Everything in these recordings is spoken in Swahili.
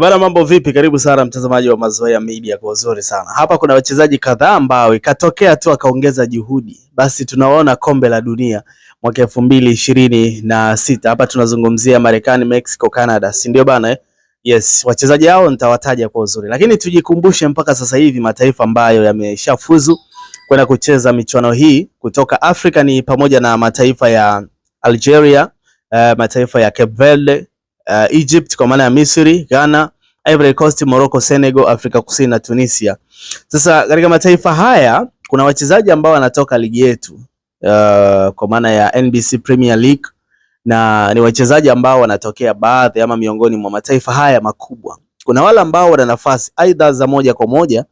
Bana, mambo vipi? Karibu sana mtazamaji wa Mazoea Media, kwa uzuri sana hapa. Kuna wachezaji kadhaa ambao ikatokea tu akaongeza juhudi, basi tunaona kombe la dunia mwaka elfu mbili ishirini na sita hapa tunazungumzia Marekani, Mexico, Canada, si ndio bana eh? Yes, wachezaji hao nitawataja kwa uzuri, lakini tujikumbushe mpaka sasa hivi mataifa ambayo yameshafuzu kwenda kucheza michuano hii kutoka Afrika ni pamoja na mataifa ya Algeria, uh, mataifa ya Cape Verde, uh, Egypt kwa maana ya Misri, Ghana Ivory Coast, Morocco, Senegal, Afrika Kusini na Tunisia. Sasa katika mataifa haya kuna wachezaji ambao wanatoka ligi yetu uh, kwa maana ya NBC Premier League na ni wachezaji ambao wanatokea baadhi ama miongoni mwa mataifa haya makubwa. Kuna wale ambao wana nafasi aidha za moja kwa moja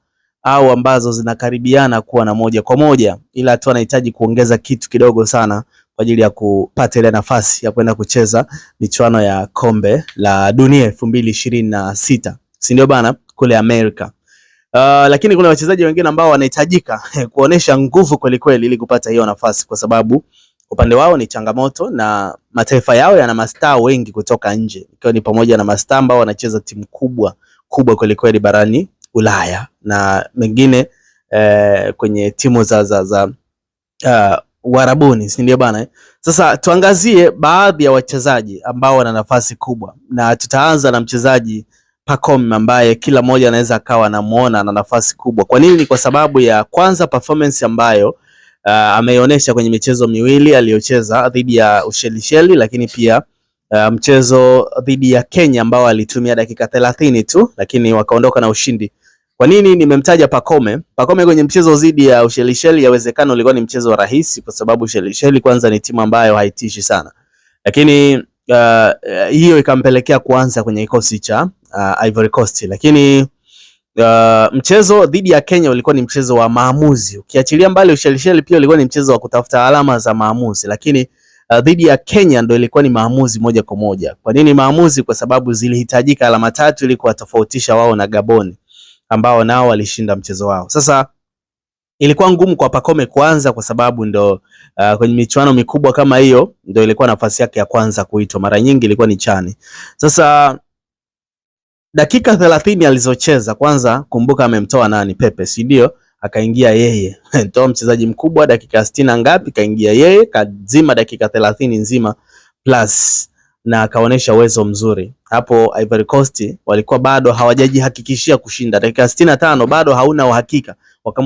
au ambazo zinakaribiana kuwa na moja kwa moja, ila tu anahitaji kuongeza kitu kidogo sana kwa ajili ya kupata ile nafasi ya kwenda kucheza michuano ya kombe la dunia elfu mbili ishirini na sita si ndio bana, kule Amerika. Uh, lakini kuna wachezaji wengine ambao wanahitajika kuonesha nguvu kweli ili kupata hiyo nafasi, kwa sababu upande wao ni changamoto na mataifa yao yana mastaa wengi kutoka nje, ikiwa ni pamoja na mastaa ambao wanacheza timu kubwa kubwa kwelikweli barani Ulaya na mengine eh, kwenye timu za, za, za uh, Uarabuni, si ndio bana eh? Sasa tuangazie baadhi ya wachezaji ambao wana nafasi kubwa, na tutaanza na mchezaji Pacom ambaye kila mmoja anaweza akawa anamuona ana nafasi kubwa. Kwa nini? Ni kwa sababu ya kwanza performance ambayo uh, ameionyesha kwenye michezo miwili aliyocheza dhidi ya Ushelisheli, lakini pia uh, mchezo dhidi ya Kenya ambao alitumia dakika thelathini tu, lakini wakaondoka na ushindi kwa nini nimemtaja Pacome? Pacome kwenye mchezo dhidi ya Ushelisheli, yawezekano ulikuwa ni mchezo rahisi, kwa sababu Ushelisheli kwanza ni timu ambayo haitishi sana, lakini uh, uh, hiyo ikampelekea kuanza kwenye kikosi cha uh, Ivory Coast, lakini Uh, mchezo dhidi ya Kenya ulikuwa ni mchezo wa maamuzi. Ukiachilia mbali Ushelisheli, pia ulikuwa ni mchezo wa kutafuta alama za maamuzi, lakini uh, dhidi ya Kenya ndio ilikuwa ni maamuzi moja kwa moja. Kwa nini maamuzi? Kwa sababu zilihitajika alama tatu ili kuwatofautisha wao na Gaboni ambao nao walishinda mchezo wao. Sasa ilikuwa ngumu kwa Pacome kwanza kwa sababu ndo uh, kwenye michuano mikubwa kama hiyo ndo ilikuwa nafasi yake ya kwanza kuitwa, mara nyingi ilikuwa ni chani. Sasa dakika 30 alizocheza kwanza, kumbuka amemtoa nani? Pepe, si ndio? Akaingia yeye toa mchezaji mkubwa dakika 60 ngapi, kaingia yeye, kazima dakika 30 nzima plus na akaonyesha uwezo mzuri hapo. Ivory Coast walikuwa bado hawajajihakikishia kushinda. Dakika sitini na tano bado hauna uhakika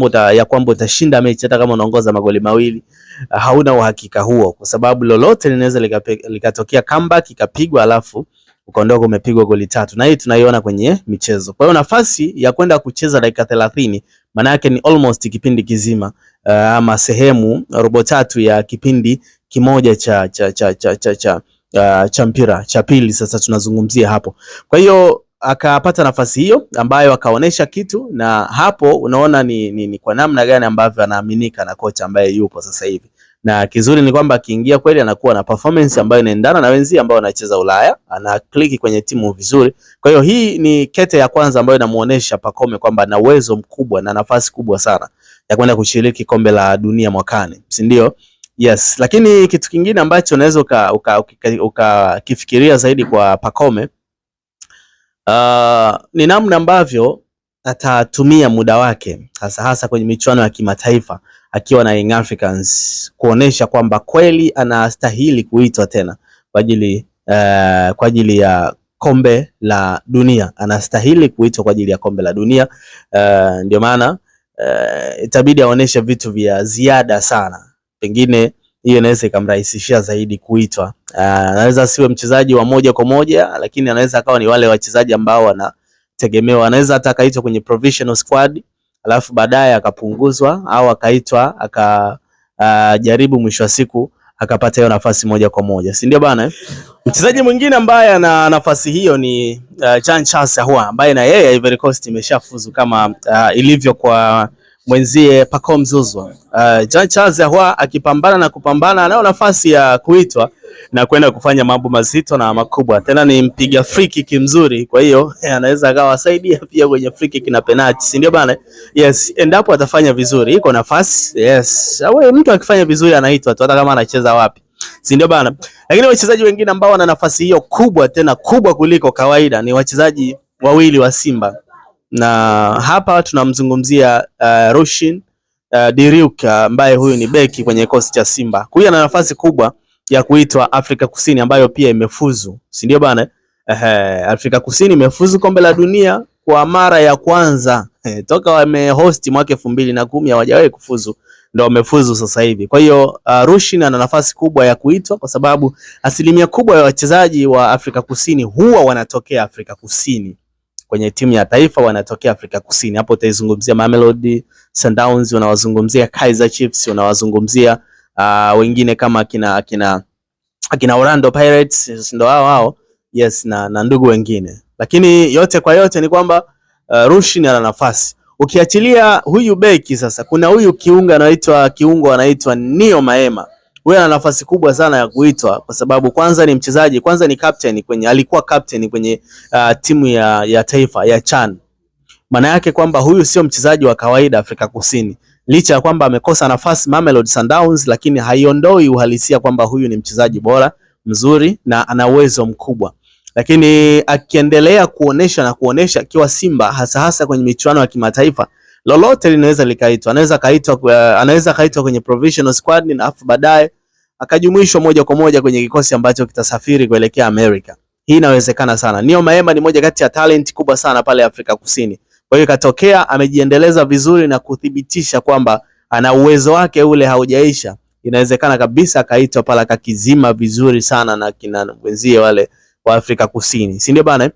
uta, ya kwamba utashinda mechi hata kama unaongoza magoli mawili, hauna uhakika huo, kwa sababu lolote linaweza likatokea comeback ikapigwa, alafu ukaondoka umepigwa goli tatu, na hii tunaiona kwenye michezo. Kwa hiyo nafasi ya kwenda kucheza dakika thelathini maana yake ni almost kipindi kizima eh, ama sehemu robo tatu ya kipindi kimoja cha, cha cha cha cha cha, cha uh, cha mpira cha pili sasa tunazungumzia hapo. Kwa hiyo akapata nafasi hiyo ambayo akaonesha kitu, na hapo unaona ni, ni, ni kwa namna gani ambavyo anaaminika na kocha ambaye yupo sasa hivi na kizuri ni kwamba akiingia kweli anakuwa na performance ambayo inaendana na wenzi ambao wanacheza Ulaya, ana click kwenye timu vizuri. Kwa hiyo hii ni kete ya kwanza ambayo inamuonesha Pacome kwamba ana uwezo mkubwa na nafasi kubwa sana ya kwenda kushiriki kombe la dunia mwakani, si ndio? Yes, lakini kitu kingine ambacho unaweza ukakifikiria zaidi kwa Pacome uh, ni namna ambavyo atatumia muda wake hasa hasa kwenye michuano ya kimataifa akiwa na Young Africans kuonesha kwamba kweli anastahili kuitwa tena kwa ajili uh, kwa ajili ya kombe la dunia, anastahili kuitwa kwa ajili ya kombe la dunia. Uh, ndio maana uh, itabidi aoneshe vitu vya ziada sana pengine hiyo inaweza ikamrahisishia zaidi kuitwa. Ah, anaweza siwe mchezaji wa moja kwa moja, lakini anaweza akawa ni wale wachezaji ambao wanategemewa. Anaweza hata akaitwa kwenye provisional squad, alafu baadaye akapunguzwa au akaitwa akajaribu, ah, mwisho wa siku akapata hiyo nafasi moja kwa moja, si ndio bana? Eh? Mchezaji mwingine ambaye ana nafasi hiyo ni uh, Jean Charles Ahoua ambaye na yeye Ivory Coast imeshafuzu kama uh, ilivyo kwa mwenzie Pacome Mzuzwa. Uh, Jean Charles Ahoua akipambana na kupambana, anao nafasi ya kuitwa na kwenda kufanya mambo mazito na makubwa. Tena ni mpiga free kick mzuri, kwa hiyo anaweza akawasaidia pia kwenye free kick na penalty, si ndio bana? Yes, endapo atafanya vizuri, iko nafasi. Yes, awe mtu akifanya vizuri anaitwa tu, hata kama anacheza wapi si ndio bana? Lakini wachezaji wengine ambao wana nafasi hiyo kubwa tena kubwa kuliko kawaida ni wachezaji wawili wa Simba na hapa tunamzungumzia uh, Roshin uh, Diriuka uh, ambaye huyu ni beki kwenye kikosi cha Simba. Huyu ana nafasi kubwa ya kuitwa Afrika Kusini ambayo pia imefuzu, si ndio bana? Ehe, Afrika Kusini imefuzu kombe la dunia kwa mara ya kwanza eh, toka wamehost mwaka elfu mbili na kumi hawajawahi kufuzu, ndio wamefuzu sasa hivi. Kwa hiyo uh, Roshin ana nafasi kubwa ya kuitwa kwa sababu asilimia kubwa ya wachezaji wa Afrika Kusini huwa wanatokea Afrika Kusini kwenye timu ya taifa wanatokea Afrika Kusini. Hapo utaizungumzia Mamelodi Sundowns, unawazungumzia Kaizer Chiefs, unawazungumzia uh, wengine kama kina akina akina Orlando Pirates ndio hao hao, yes na, na ndugu wengine, lakini yote kwa yote ni kwamba uh, ni ana nafasi ukiachilia huyu beki sasa, kuna huyu kiunga anaitwa kiungo anaitwa Nio Maema huyu ana nafasi kubwa sana ya kuitwa kwa sababu kwanza ni mchezaji, kwanza ni captain kwenye, alikuwa captain kwenye uh, timu ya, ya taifa ya CHAN. Maana yake kwamba huyu sio mchezaji wa kawaida Afrika Kusini, licha ya kwamba amekosa nafasi Mamelodi Sundowns, lakini haiondoi uhalisia kwamba huyu ni mchezaji bora mzuri na ana uwezo mkubwa lakini akiendelea kuonesha na kuonesha akiwa Simba hasa hasa kwenye michuano ya kimataifa, lolote linaweza likaitwa. Anaweza kaitwa, uh, anaweza kaitwa kwenye provisional squad na afu baadaye akajumuishwa moja kwa moja kwenye kikosi ambacho kitasafiri kuelekea Amerika. Hii inawezekana sana. Nio Maema ni moja kati ya talent kubwa sana pale Afrika Kusini. Kwa hiyo ikatokea amejiendeleza vizuri na kuthibitisha kwamba ana uwezo wake ule haujaisha. Inawezekana kabisa akaitwa pala kakizima vizuri sana na kina wenzie wale wa Afrika Kusini, si ndio bana?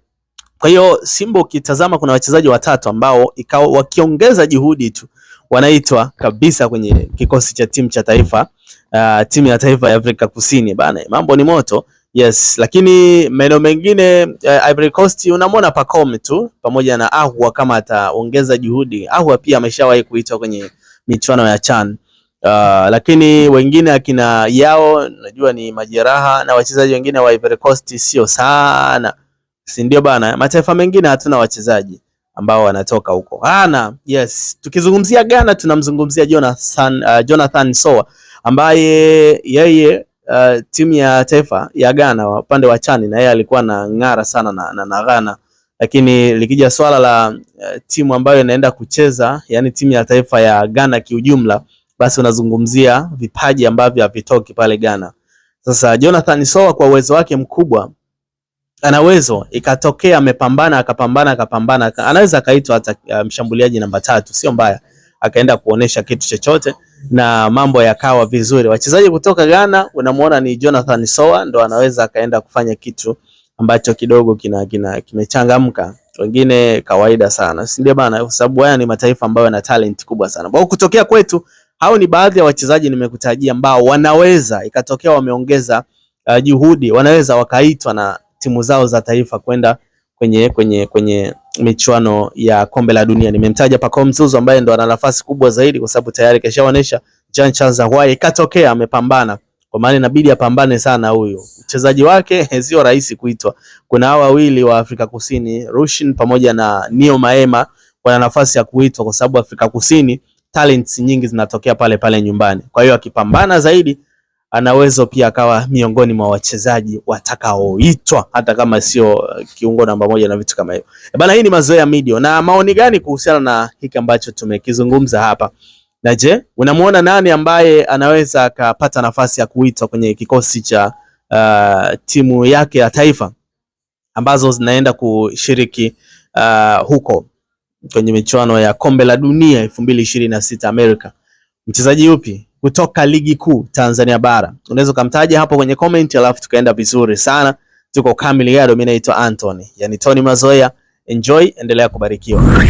Kwa hiyo Simba ukitazama, kuna wachezaji watatu ambao ikawa wakiongeza juhudi tu wanaitwa kabisa kwenye kikosi cha timu cha taifa uh, timu ya taifa ya Afrika Kusini bana, mambo ni moto yes. Lakini maeneo mengine uh, Ivory Coast unamwona Pacome tu pamoja na Ahua kama ataongeza juhudi. Ahua pia ameshawahi kuitwa kwenye michuano ya CHAN uh, lakini wengine akina yao najua ni majeraha na wachezaji wengine wa Ivory Coast sio sana si ndio bana? Mataifa mengine hatuna wachezaji ambao wanatoka huko hana. Yes, tukizungumzia Ghana tunamzungumzia Jonathan, uh, Jonathan Soa ambaye yeye uh, timu ya taifa ya Ghana upande wa chani na yeye alikuwa na ng'ara sana na, na, na Ghana, lakini likija swala la uh, timu ambayo inaenda kucheza yani timu ya taifa ya Ghana kiujumla, basi unazungumzia vipaji ambavyo havitoki pale Ghana. Sasa Jonathan Soa kwa uwezo wake mkubwa ana uwezo ikatokea amepambana akapambana akapambana, anaweza akaitwa hata uh, mshambuliaji namba tatu, sio mbaya, akaenda kuonesha kitu chochote na mambo yakawa vizuri. Wachezaji kutoka Ghana unamuona ni Jonathan Soa ndo anaweza akaenda kufanya kitu ambacho kidogo kina, kina kimechangamka, wengine kawaida sana, si ndio bana? Kwa sababu haya ni mataifa ambayo yana talent kubwa sana. Kwa kutokea kwetu, hao ni baadhi ya wachezaji nimekutajia ambao wanaweza ikatokea wameongeza uh, juhudi, wanaweza wakaitwa na timu zao za taifa kwenda kwenye, kwenye, kwenye michuano ya kombe la dunia. Nimemtaja Pacome Zouzoua ambaye ndo ana nafasi kubwa zaidi kwa sababu tayari kashaonesha Jean Charles Ahoua, ikatokea amepambana kwa maana inabidi apambane sana huyu mchezaji wake, sio rahisi kuitwa. Kuna hawa wawili wa Afrika Kusini Rushin pamoja na Neo Maema wana nafasi ya kuitwa kwa sababu Afrika Kusini talents nyingi zinatokea pale pale nyumbani. Kwa hiyo akipambana zaidi anaweza pia akawa miongoni mwa wachezaji watakaoitwa hata kama sio uh, kiungo namba moja na vitu kama hivyo. E bana, hii ni Mazoea Media. Na maoni gani kuhusiana na hiki ambacho tumekizungumza hapa? Na je, unamuona nani ambaye anaweza akapata nafasi ya kuitwa kwenye kikosi cha uh, timu yake ya taifa ambazo zinaenda kushiriki uh, huko kwenye michuano ya Kombe la Dunia 2026 Amerika? Mchezaji yupi kutoka ligi kuu Tanzania bara. Unaweza kumtaja hapo kwenye comment, alafu tukaenda vizuri sana. Tuko kamili yado. Mimi naitwa Anthony, yani Tony Mazoea. Enjoy, endelea kubarikiwa.